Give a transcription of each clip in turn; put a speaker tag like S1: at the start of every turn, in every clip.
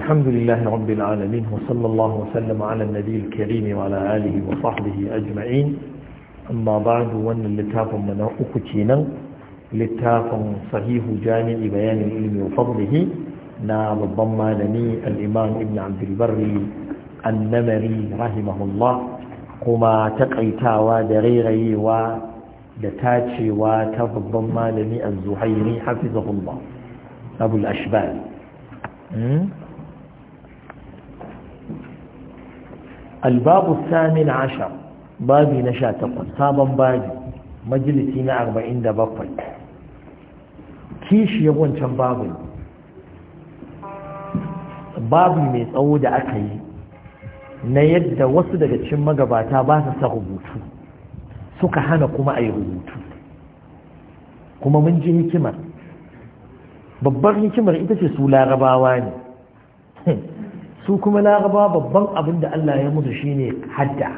S1: الحمد لله رب العالمين وصلى الله وسلم على النبي الكريم وعلى آله وصحبه أجمعين أما بعد وأن اللتاف من أخوتينا لتاف صحيح جامع بيان العلم وفضله نام لني الإمام ابن عبد البر النمري رحمه الله قما تقيتا ودريغي ودتاتشي وتف لني الزهيري حفظه الله أبو الأشبال الباب الثامن عشر بابي نشاتق صابا بابي مجلسين أربعين دبقل كيش يبون كم بابي babu mai tsawo da aka yi na yadda wasu daga cikin magabata ba su sa rubutu suka hana kuma a yi rubutu kuma mun ji hikimar babbar hikimar ita ce su larabawa ne su kuma laraba babban abin da Allah ya shi ne hadda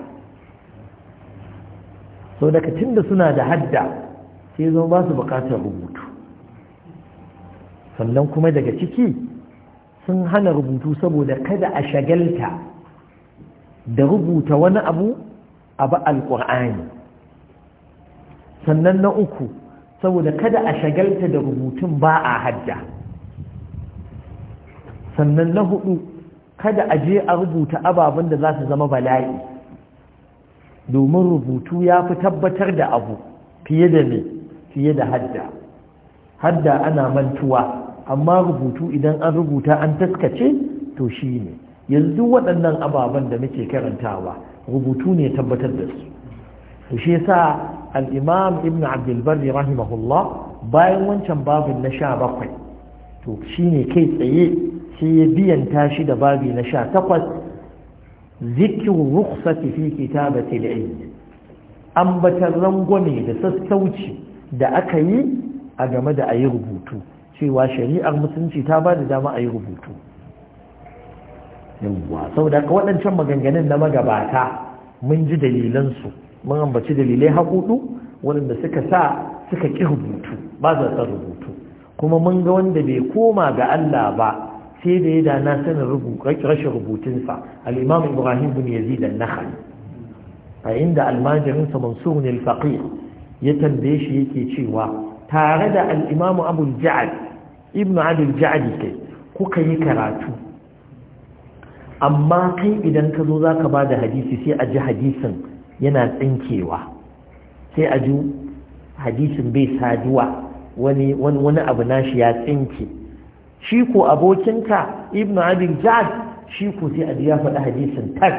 S1: sau daga da suna da hadda sai zama ba su bukatar rubutu sannan kuma daga ciki sun hana rubutu saboda kada a shagalta da rubuta wani abu a ba alƙur'ani sannan na uku saboda kada a shagalta da rubutun ba a hadda sannan na hudu kada a je a rubuta ababen da za su zama bala'i domin rubutu ya fi tabbatar da abu fiye da me fiye da hadda hadda ana mantuwa amma rubutu idan an rubuta an taskace to shi ne yanzu waɗannan ababen da muke karantawa rubutu ne tabbatar da su to shi yasa al-imam ibn abdulbar rahimahullah bayan wancan babin na sha bakwai to shine kai tsaye sai ya biyan tashi da babi na sha takwas zikin ta fi kitabati al ambatar rangwame da sassauci da aka yi a game da ayi rubutu cewa shari'ar musulunci ta ba da dama a yi rubutu yawwa saboda da waɗancan maganganun na magabata mun ji dalilansu mun ambaci dalilai haƙuɗu waɗanda suka sa suka ƙi rubutu ba za rubutu kuma mun ga wanda bai koma ga Allah ba sai da ya da na sanin rashin rubutunsa al'imam ibrahim bin yazid al a inda almajirinsa mansur ne al ya tambaye shi yake cewa tare da al'imamu abul ja'ad ibnu abul ja'ad kai kuka yi karatu amma kai idan ka zo za ka ba da hadisi sai a ji hadisin yana tsinkewa sai a ji hadisin bai saduwa wani abu nashi ya tsinke shi ko abokinka ibnu abin jad shi ko sai abi ya faɗi hadisin tak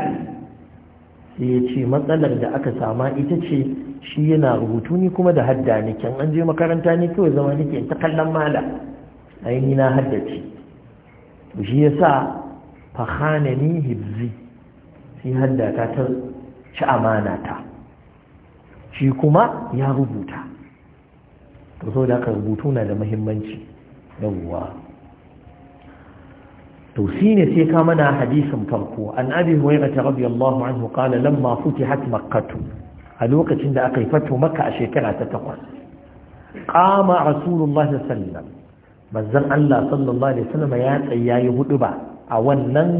S1: sai ya ce matsalar da aka sama ita ce shi yana rubutu ni kuma da hadda ne kyan an je makaranta ne kawai zama nake ta kallon mala aini na haddace shi ya sa fahana ni hibzi sai haddata ta ci amana ta shi kuma ya rubuta to so da aka rubutu na da muhimmanci yawwa to shine sai ka mana hadisin farko an abi hurairah radiyallahu anhu qala lamma futihat makkah a lokacin da aka yi fato makka a shekara ta takwas qama rasulullahi sallallahu alaihi wasallam manzon Allah sallallahu alaihi wasallam ya tsayayi hudu ba a wannan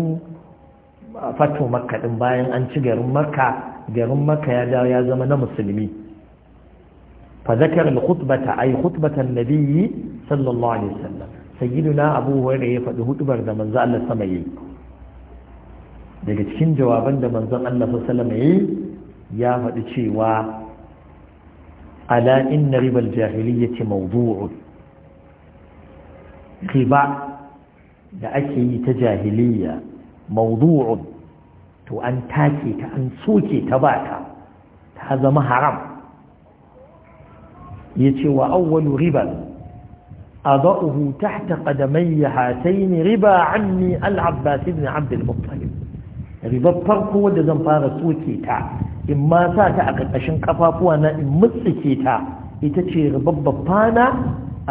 S1: fato makka din bayan an ci garin makka garin makka ya dawo ya zama na musulmi fa zakara al-khutbata ay khutbatan nabiyyi sallallahu alaihi wasallam sayyiduna abu hurairah ya faɗi hudubar da manzo Allah sama yi daga cikin jawaban da manzon Allah sallallahu alaihi ya faɗi cewa ala inna ribal jahiliyyati mawdu'un riba da ake yi ta jahiliyya mawdu'un to an take ta an soke ta bata ta zama haram yace wa awwalu riba. أضعه تحت قدمي هاتين ربا عني العباس بن عبد المطلب ربا فرقو دزن فارسو كيتا إما ساتا أقشن كفافوانا إمس كيتا إتشي ربا ببانا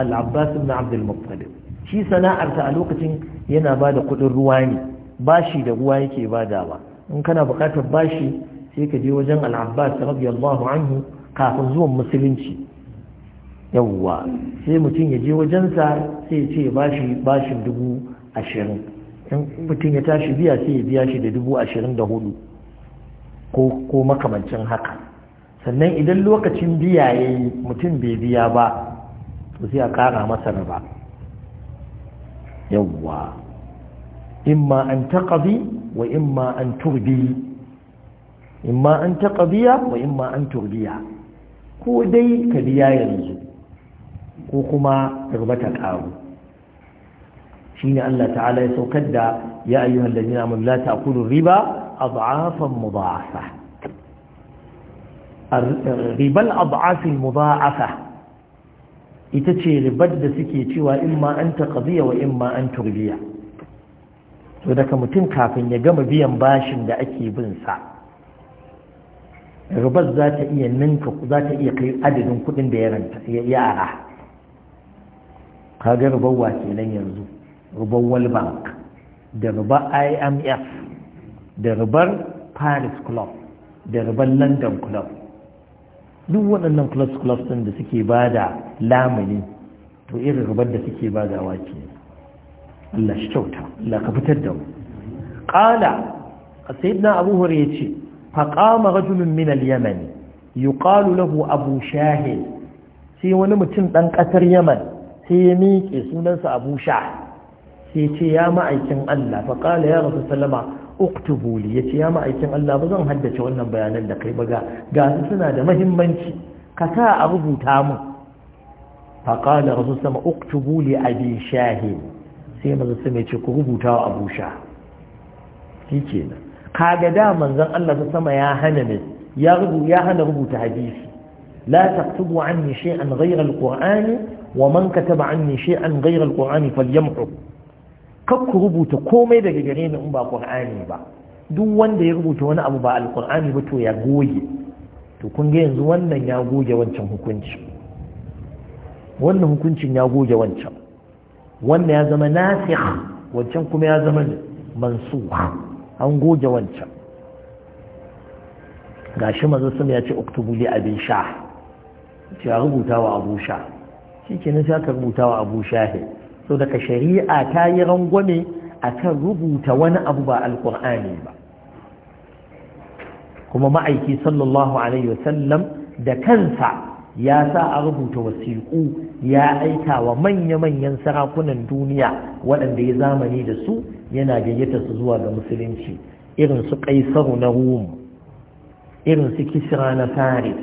S1: العباس بن عبد المطلب شي سناء أرتألوقة ينا بعد قدر رواني باشي دقواني كي باداوا إن كان بقاتب باشي سيكا دي وجن العباس رضي الله عنه كافزون مسلمشي yawwa sai mutum ya je wajensa sai ce bashi bashin dubu ashirin in mutum ya tashi biya sai ya biya shi da dubu ashirin da hudu ko makamancin haka sannan idan lokacin biya ya yi mutum bai biya ba to sai a kara masa raba yawwa imma an taqabi wa imma an turbi imma an taqabiya wa imma an turbiya ko dai ka biya yanzu ko kuma riba ta karu shine Allah ta'ala ya saukar da ya ayyuhal ladina amanu la ta'kulu riba ad'afan mudha'afa riba al-ad'af al-mudha'afa ita ce ribar da suke cewa ma an taqdiya wa ma an turbiya to daga mutum kafin ya gama biyan bashin da ake bin sa ribar za ta iya ninka za ta iya kai adadin kudin da ya ranta kaga rubawa nan yanzu rubar world bank da rubar imf da rubar paris club da rubar london club duk waɗannan clubs clubs ɗin da suke ba da lamuni to irin rubar da suke ba da wake Allah shi kyauta Allah ka fitar da mu ƙala sayyidina abu hurairah ya ce qama rajulun min al yamani yuqalu lahu abu shahid sai wani mutum ɗan ƙasar yaman sai ya miƙe sunansa abu sha sai ce ya ma'aikin Allah fa qala ya rasu Salama uktubu ya ce ya ma'aikin Allah ba zan haddace wannan bayanan da kai ba ga ga su suna da mahimmanci? ka sa a rubuta min. fa qala rasu sama uktubu li abi shahid sai manzo sai ce ku rubuta wa abu sha nan, kaga da manzon Allah sama ya hana ne ya rubu ya hana rubuta hadisi la taktubu anni shay'an ghayra alqur'ani wa man kataba anni shay'an ghayra alqur'ani falyamhu kak ku rubuta komai daga gare ni in ba qur'ani ba duk wanda ya rubuta wani abu ba alqur'ani ba to ya goge to kun ga yanzu wannan ya goge wancan hukunci wannan hukuncin ya goge wancan wannan ya zama nasikh wancan kuma ya zama mansukh an goge wancan gashi manzo sun ya ce uktubu li abin sha ya rubuta wa abu sha shi kenan sai aka rubuta wa abu shahid sau daga shari'a ta yi rangwame a kan rubuta wani abu ba alkur'ani ba kuma ma'aiki sallallahu alaihi wasallam da kansa ya sa a rubuta wasiƙu ya aika wa manya-manyan sarakunan duniya waɗanda ya zamani da su yana gayyata su zuwa ga musulunci irin su Kaisaru na rum irin su kisra na faris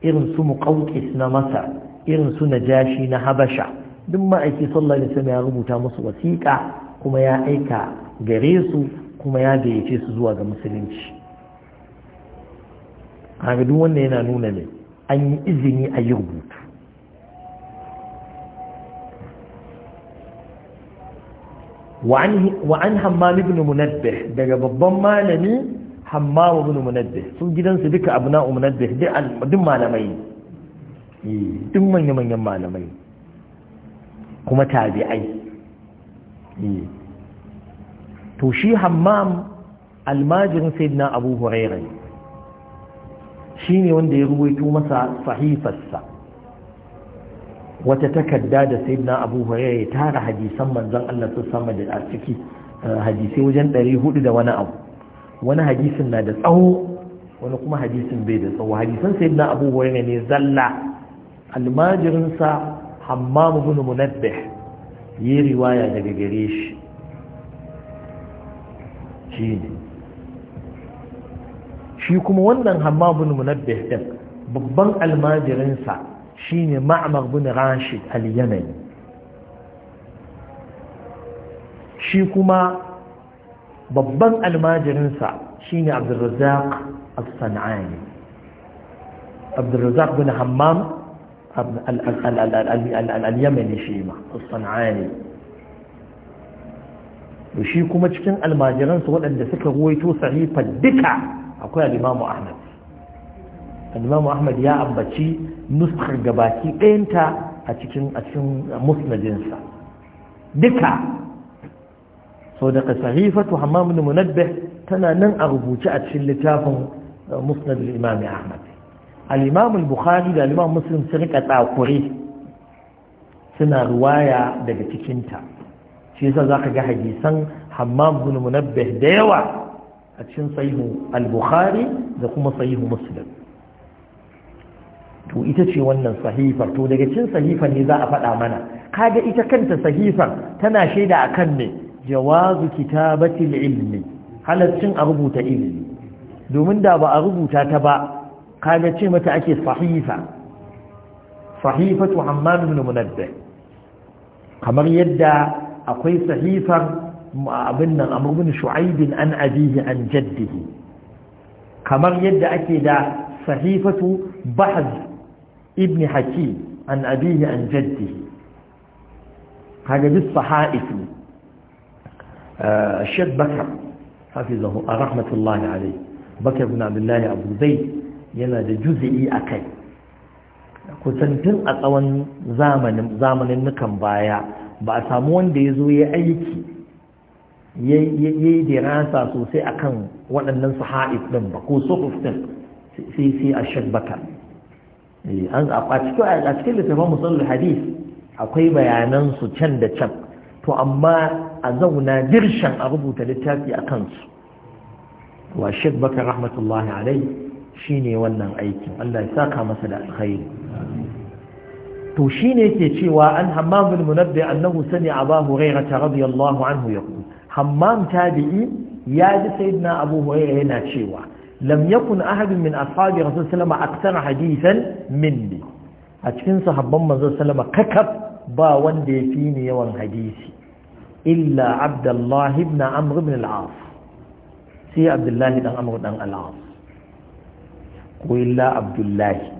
S1: irin su muƙauƙis na masar irin su najashi na habasha duk ma'aiki sallallahu alaihi wasallam ya rubuta musu wasiƙa kuma ya aika gare su kuma ya gayyace su zuwa ga musulunci kaga duk wannan yana nuna ne an yi izini a yi rubutu Wa an بن منبه daga babban malami hammam ibn munabbih su gidansu duka abna'u munabbih duk malamai Eh. duk manya-manyan malamai kuma tabi'ai eh. to shi hammam almajirin sayyidina abu huraira shi ne wanda ya ruwaito masa sahifarsa wata takarda da sayyidina abu huraira ya tara hadisan manzon Allah su sama da ciki eh, hadisai wajen 400 da wani abu wani hadisin na da tsawo wani kuma hadisin bai da tsawo hadisan sayyidina abu huraira ne zalla almajirinsa hammam bin munabbih yi riwaya daga gare shi shi ne. shi kuma wannan hammam bin munabbih din babban almajirinsa ne ma'amar bin rashid al-yamani shi kuma babban almajirinsa ne abdurrazzaq as-sanani abdurrazzaq bin hammam al-yamani shi ma sana'ani da shi kuma cikin almajiransu waɗanda suka ruwaito sahifa duka akwai al-imamu ahmad al-imamu ahmad ya ambaci nuskar gabaki ɗayanta a cikin a cikin musnadinsa duka so daga sahifatu hammam bin munabbih tana nan a rubuce a cikin littafin uh, musnad al-imam ahmad al bukhari da al muslim sun rika tsakure suna ruwaya daga cikinta shi yasa zaka ga hadisan hammam bin munabbih da yawa a cikin sahihu al-bukhari da kuma sahihu muslim to ita ce wannan sahifar to daga cikin sahifar ne za a faɗa mana kaga ita kanta sahifar tana shaida akan ne jawazu kitabati ilimi. ilmi halaccin a rubuta ilimi domin da ba a rubuta ta ba قال يتي متى أكي صحيفة صحيفة عمام بن منبه قمر يدى أقوي صحيفة أبن أمر بن شعيب أن أبيه أن جده قمر يدى أكي صحيفة بحث ابن حكيم أن أبيه أن جده هذا بالصحائف آه، الشيخ بكر حفظه رحمة الله عليه بكر بن عبد الله أبو زيد yana da juzi'i a kai Kusan tun a tsawon zamanin nukan baya ba a samu wanda ya zo ya aiki ya yi dirasa sosai a kan waɗannan su ɗin ba ko sufuf ɗin sai sai a shabbaka eh, a cikin littafin musallin hadis akwai bayanan su can da can to amma a zauna dirshan a rubuta littafi a kansu wa baka rahmatullahi alai shine wannan aikin Allah ya saka masa da alkhairi to ne yake cewa an hammam bin munabbi annahu sami'a Abu Hurairah radiyallahu anhu ku. hammam tabi'i ya ji sayyidina Abu Hurairah yana cewa lam yakun ahadun min ashabi rasul sallama aktara hadisan minni a cikin sahabban manzo sallama kakab ba wanda ya fi ni yawan hadisi illa abdullah ibn amr ibn al-as sai Abdullahi dan amr dan al-as ko illa abdullahi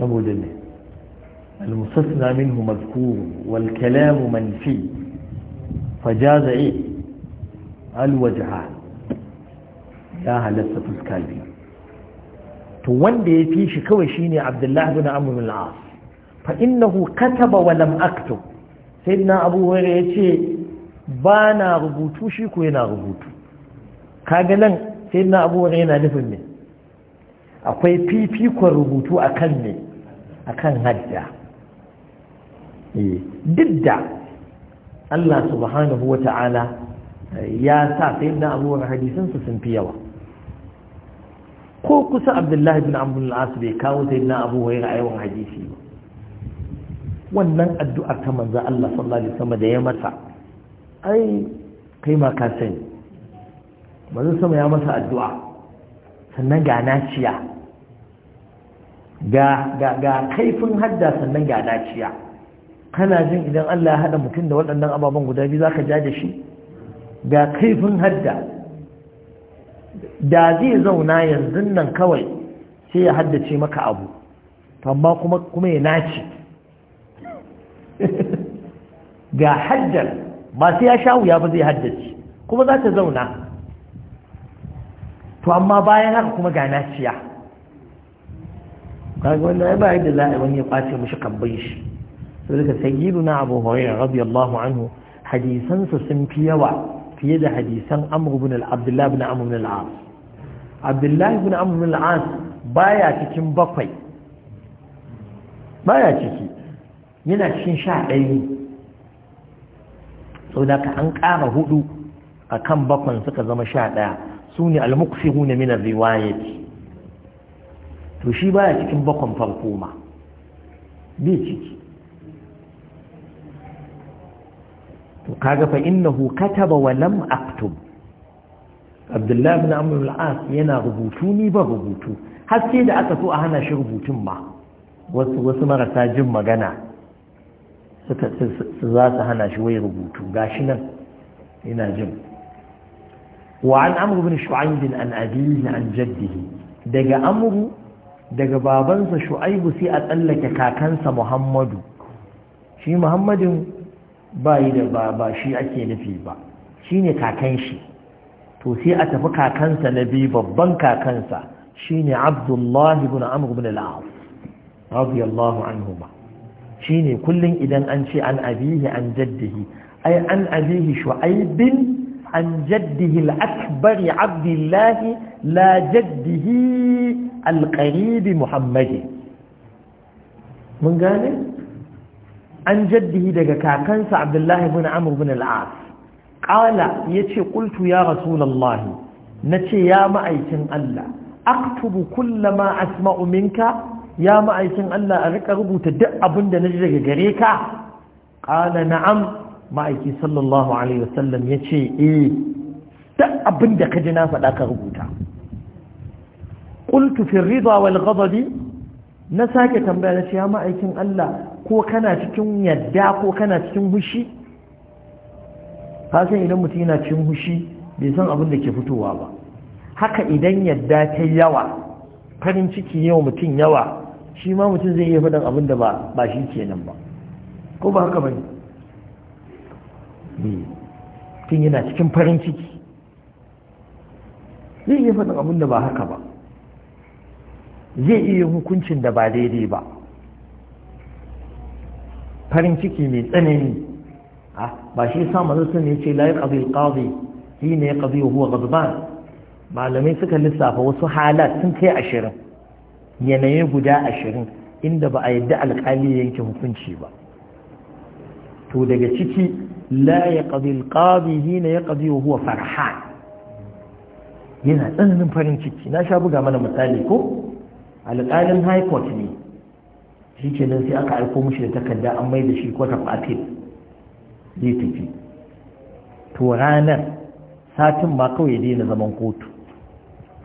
S1: saboda ne المستثنى منه مذكور والكلام منفي فجاز ايه الوجهان ya هلسة الكالبي to wanda ya fi shi kawai shine Abdullahi bin Amr bin al-As fa innahu kataba wa lam aktub sayyidina Abu Hurairah yace ba na rubutu shi ko yana rubutu kaga nan sayyidina Abu Hurairah yana nufin ne akwai fifikon rubutu a kan ne a kan hajja eh, duk da Allah subhanahu wa ta'ala eh, ya sa sai na abubuwan hadisansu sun fi yawa ko kusa abdullahi bin abdul as bai kawo sai na abu wai ra'ayin hadisi ba wannan addu'ar ta manzo Allah sallallahu alaihi wasallam da ya masa ai kai ma ka sani manzo sama ya masa addu'a sannan ga naciya ga kaifin hadda sannan ga naciya kana jin idan Allah ya haɗa mutum da waɗannan ababen guda biyu za ka ja da shi ga kaifin hadda da zai zauna yanzu nan kawai sai ya haddace maka abu amma kuma kuma ya naci ga haddar ba sai ya sha wuya ba zai haddace kuma za ta zauna to amma bayan haka kuma ga naciya kaga wannan ya bayan da za a wani ya kwace mashi kabbai shi sai daga sayyidu na abu hurairah radiyallahu anhu hadisansa sun fi yawa fiye da hadisan amr ibn al-abdullah ibn amr ibn al-as abdullah ibn amr ibn al-as baya cikin bakwai baya ciki yana cikin sha ɗaya sau da ka an ƙara hudu a kan bakwan suka zama sha ɗaya su ne almuksiru na minar riwayati to shi baya cikin bakon farko ma bai ciki to kaga fa innahu kataba wa lam aktub abdullahi bin amr al-as yana rubutu ni ba rubutu har da aka so a hana shi rubutun ba wasu wasu marasa jin magana suka su za su hana shi wai rubutu gashi nan yana jin وعن عمرو بن شعيب عن أبيه عن جده دقى عمرو دقى بابنس شعيب سيئة لك كاكنس محمد شي محمد باي بابا شي أكي نفي شي نكاكنشي to sai a tafi kakansa na biyu babban kakansa shine Abdullah ibn Amr ibn al-As radiyallahu anhuma shine kullun idan an ce an abihi an jaddihi ai an abihi an jaddihi al’akbar abdullahi la jaddihi alƙaribi muhammadi mun gane an jaddihi daga kakansa abdullahi bin amur bin al’as ƙala ya ce ƙultu ya rasulallahi na ce ya ma’aikin Allah aktubu kullama asma'u minka ya ma’aikin Allah a rika rubuta duk abin da na ji daga gare ka ƙala na'am ma'aiki sallallahu alaihi wasallam ya ce eh da abin da ka ji na faɗa ka rubuta qultu fi wal ghadabi na sake tambaya na ce ya ma'aikin Allah ko kana cikin yadda ko kana cikin hushi hasan idan mutum yana cikin hushi bai san abin da ke fitowa ba haka idan yadda ta yawa farin ciki yawa mutum yawa shi ma mutum zai iya faɗin abin da ba shi kenan ba ko ba haka bane tun yana cikin farin ciki zai iya faɗin abin da ba haka ba zai iya hukuncin da ba daidai ba farin ciki mai tsanani ah, ba shi sa mazarsa ne ce layi ƙabil ƙazi shi ne ya ƙazi huwa gazban malamai suka lissafa wasu halat sun kai ashirin yanayi guda ashirin inda ba a yadda alƙali yanke hukunci ba to daga ciki la ya ƙazi huwa farhan yana tsananin farin ciki na sha buga mana misali ko alƙalin high court ne shi ke nan sai aka aiko mushi da takarda an mai da shi ko of zai tafi to ranar satin ma kawai ya daina zaman kotu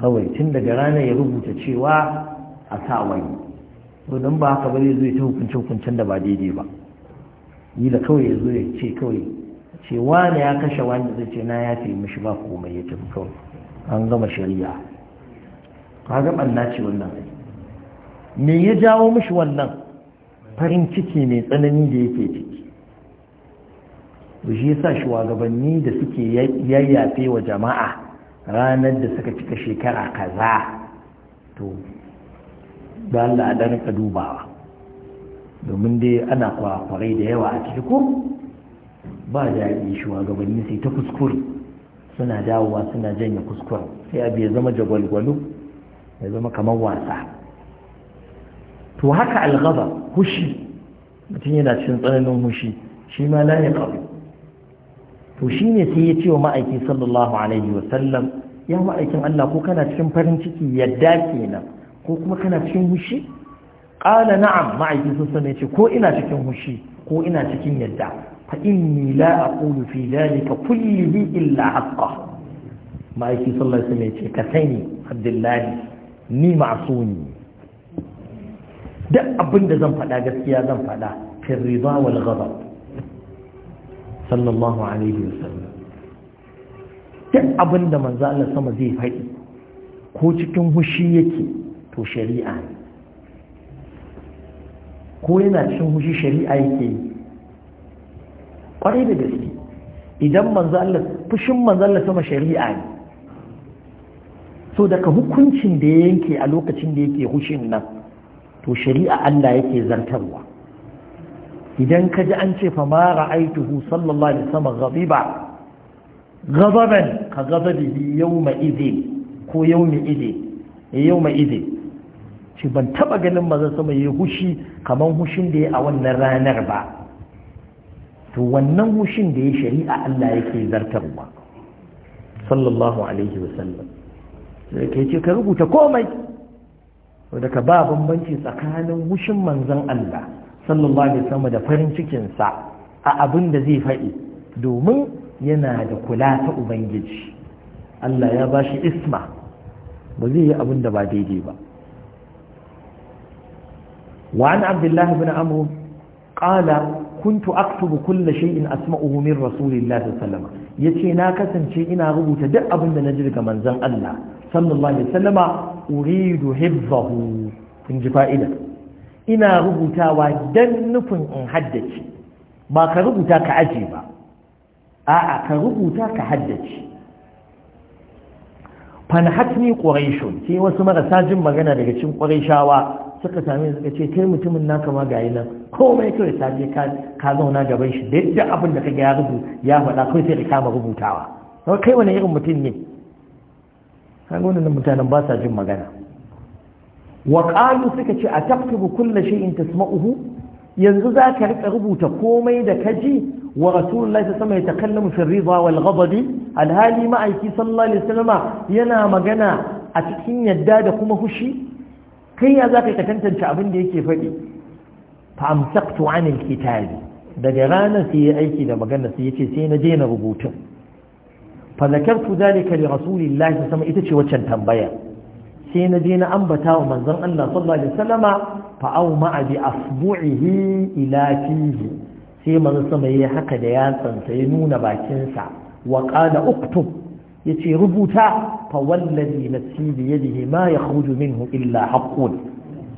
S1: kawai tun daga ranar ya rubuta cewa a sa wani to ba haka ba zai zo ya ta hukunce hukuncen da ba daidai ba yi da kawai ya zo ya ce kawai ce wani ya kashe wanda zai ce na ya fi mishi ba komai ya tafi kawai an gama shari'a ka ga ɓanna ce wannan me ya jawo mishi wannan farin ciki mai tsanani da yake ciki shi yasa shugabanni da suke yayyafe wa jama'a ranar da suka cika shekara kaza to da Allah a dan dubawa domin dai ana kwakwarai da yawa a ciki ko ba daɗi shugabanni sai ta kuskure suna dawowa suna janye kuskure sai abu ya zama jagwalgwalo ya zama kamar wasa to haka algaba hushi mutum yana cikin tsananin hushi shi ma na ya ƙaru to shi ne sai ya ce wa ma'aiki sallallahu alaihi wasallam ya ma'aikin allah ko kana cikin farin ciki yadda kenan ko kuma kana cikin hushi qala na'am ma'aikin sun sani ce ko ina cikin hushi ko ina cikin yadda fa inni la aqulu fi dhalika kullihi illa haqqa ma'aikin sallallahu alaihi wasallam ce ka sani abdullahi ni ma'suni duk abin da zan faɗa gaskiya zan faɗa fi rida wal ghadab sallallahu alaihi wasallam duk abin da manzo Allah sama zai faɗi ko cikin hushi yake to shari'a ne ko yana cikin hushi shari'a yake yi kwarai da gaske idan fushin manzo sama shari'a ne so daga hukuncin da ya yanke a lokacin da yake hushin nan to shari'a Allah yake zartarwa idan ka ji an ce fa ma ra'aituhu sallallahu alaihi wasallam ghadiba ghadaban ka ghadabihi yau idin ko yau idin eh, ce ban taba ganin mazan sama ya hushi kamar hushin da ya a wannan ranar ba to wannan hushin da ya shari'a Allah yake zartarwa sallallahu alaihi wasallam sai ke ce ka rubuta komai daga ba bambanci tsakanin hushin manzon Allah sallallahu alaihi wasallam da farin cikin sa a abin da zai faɗi domin yana da kula ta ubangiji Allah ya bashi isma ba zai yi abin da ba daidai ba وعن Abdullahi الله بن عمرو قال كنت اكتب كل شيء اسمعه من رسول الله صلى yace na kasance ina rubuta duk abin da na ji daga manzon Allah sallallahu alaihi wasallam uridu hibbahu in ji fa'ida ina rubutawa dan nufin in haddace ba ka rubuta ka aje ba a'a ka rubuta ka haddace fanhatni quraishun sai wasu marasa jin magana daga cikin qurayshawa suka same suka ce kai mutumin naka ma gayi nan komai kawai ta je ka zauna gaban shi duk da abin da kaga ya rubu ya faɗa kawai sai ka kama rubutawa kai wani irin mutum ne kan wannan mutanen ba sa jin magana wa qalu suka ce a ataktubu kullu shay'in tasma'uhu yanzu za ka rika rubuta komai da kaji wa rasulullahi ta sama ya takallamu fi wal ghadab alhali ma'aiki sallallahu alaihi wasallama yana magana a cikin yadda da kuma Hushi? kai ya za ka tantance abin da yake faɗi famsaktu anil kitabi daga ranar sai ya aiki da magana sai yace sai na je na rubutun fazakartu zalika li rasulillahi sama ita ce waccan tambaya sai na je na ambata wa manzon Allah sallallahu alaihi wasallama fa au ma'a bi asbu'ihi ila fihi sai manzon sama yayi haka da yatsansa ya nuna bakin sa wa qala uktub Ya ce rubuta fa wallazi nafsi bi yadihi ma ya yakhruju minhu illa haqqun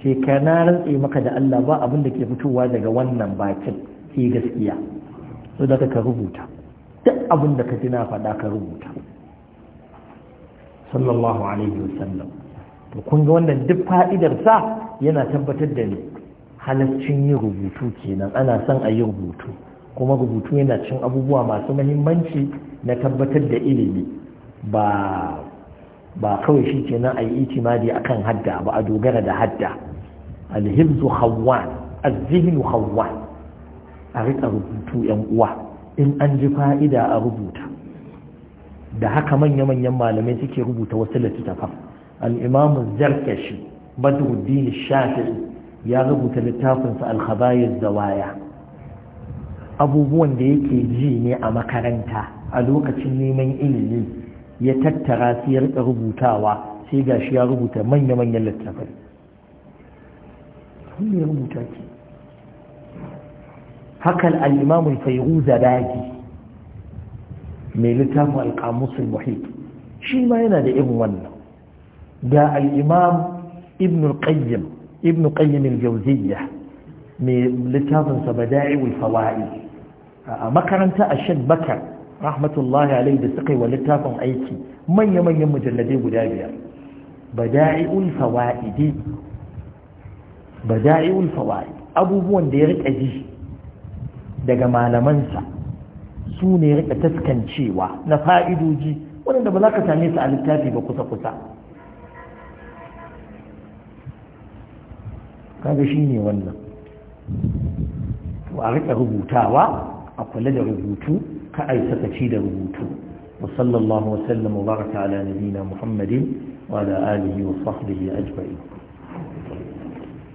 S1: ce ka na rantse maka da Allah ba abin da ke fitowa daga wannan bakin ke gaskiya so da ka rubuta duk abin da ka ji na faɗa ka rubuta sallallahu alaihi wasallam to kun ga wannan duk fa'idar sa yana tabbatar da ni halaccin yin rubutu kenan ana son a yi rubutu kuma rubutu yana cin abubuwa masu mahimmanci na tabbatar da ilimi ba kawai shi ke nan a yi itimadi a kan hadda ba a dogara da hadda alhimzu hawan azihinu hawan a rika rubutu yan uwa in an ji fa'ida a rubuta da haka manya-manyan malamai suke rubuta wasu littattafan al'imamu zarkashi badruddin shafi'i ya rubuta littafinsa alhabayar zawaya abubuwan da yake ji ne a makaranta a lokacin neman ilimi ya tattara su ya rika rubutawa sai ga shi ya rubuta manya-manyan littafai wanda ya rubuta ke hakan al'imamun fairu zadaki mai littafin alƙamusul muhit shi ma yana da irin wannan ga al'imam ibn al-qayyim ibn qayyim al-jawziyya mai littafinsa bada'i wal fawa'i a makaranta a shan bakar rahmatullahi alai da suka yi wa littafin aiki manya-manyan mujalladai guda biyar bada'i'ul fawaidi bada'i'ul abubuwan da ya rika ji daga malamansa su ne rika taskancewa na fa'idoji waɗanda ba za ka same su a littafi ba kusa-kusa kaga shi ne wannan a rika rubutawa a kula da rubutu كأي ستشيد ربوتو وصلى الله وسلم وبارك على نبينا محمد وعلى آله وصحبه أجمعين